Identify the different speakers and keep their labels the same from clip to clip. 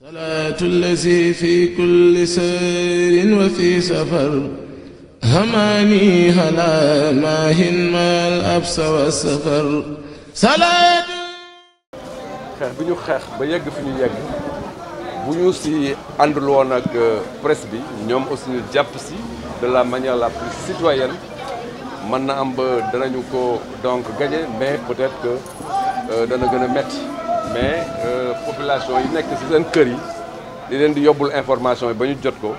Speaker 1: salaatu lazi fi kulli sayrin wa fi safar hamaani halaa maahin maal absa wa safar salaatu
Speaker 2: xeex bi ñu xeex ba yegg fi ñu yegg bu ñu si àndul ak euh, presse bi ñoom aussi ñu jàpp si de la manière la plus citoyenne mën na am ba danañu ko donc gagné mais peut-être que euh, dana gën a metti mais euh, population yi nekk si seen kër yi li leen di yóbbul information yi ba ñu jot ko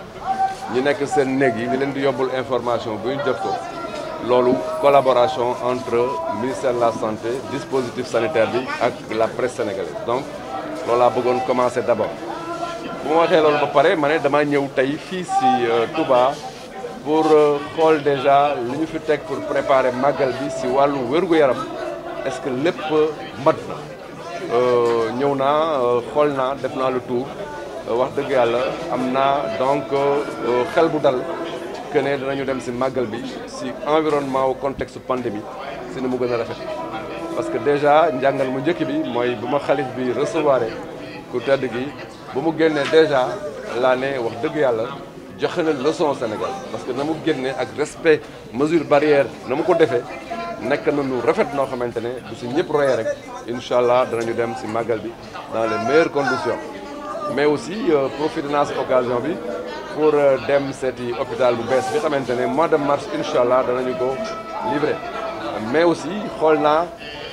Speaker 2: ñu nekk seen néeg yi li leen di yóbbul information ba jot ko loolu collaboration entre ministère de la santé dispositif sanitaire bi ak la presse sénégalaise donc loolu laa bëggoon commencer d'abord bu ma waxee loolu ba pare ma ne dama ñëw tey fii ci euh, Touba pour euh, xool déjà li ñu fi teg pour préparer màggal bi si wàllu wér-gu-yaram est-ce que lépp mat na Euh, ñëw naa euh, xool naa def naa le tour euh, wax dëgg yàlla am naa donc xel bu dal que ne danañu dem si màggal bi si environnement au contexte pandémie si ni mu gën a rafet parce que déjà njàngal mu njëkk bi mooy bu ma xalit bi recevoir ku tedd gi bu mu génnee déjà laa ne wax dëgg yàlla joxe na leçon Sénégal parce que na mu génnee ak respect mesure barrière na mu ko defee nekk na lu rafet noo xamante ne bu si ñëpp royee rek incha allah danañu dem si màggal bi dans les meilleures condition mais aussi euh, profité naa si occasion bi pour euh, dem seeti hôpital bu bees bi xamante ne mois de mars incha allah danañu ko livré mais aussi xool naa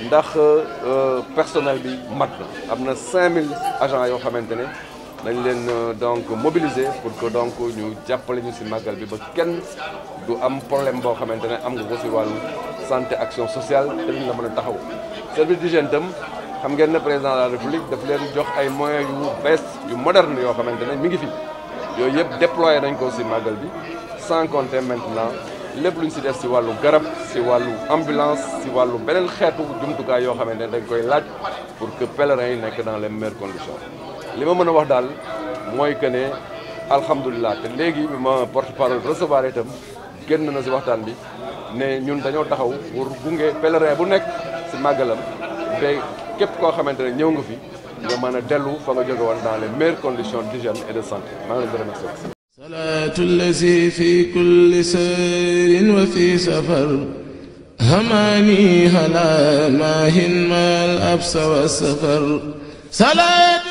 Speaker 2: ndax euh, personnel bi mat na am na 5000 agents yoo xamante ne nañ leen euh, donc mobiliser pour que donc ñu jàppale ñu si màggal bi ba kenn du am problème boo xamante ne am nga ko si wàllu santé action sociale te duñ la mën a taxaw. service d'hygiène itam xam ngeen ne président de la république daf leen jox ay moyen yu bees yu moderne yoo xamante ne mi ngi fi yooyu yëpp déployé nañ ko si màggal bi sans compter maintenant. lépp lu ñu si def si wàllu garab si wàllu ambulance si wàllu beneen xeetu jumtukaay yoo xamante ne dañ koy laaj pour que yi nekk dans les meilleures conditions li ma mën a wax daal mooy que ne alhamdulillah te léegi bi ma porte parole recevoir itam génn na si waxtaan bi ne ñun dañoo taxaw pour gunge pèlerin bu nekk si màggalam ba képp koo xamante ne ñëw nga fi nga mën a dellu fa nga jóge woon dans les meilleures conditions d'hygiène et de santé maa ngi leen di remercier.
Speaker 1: salaatu lazi fi kulli sayrin wa fi safar hamaani hala maahin maal absa wa safar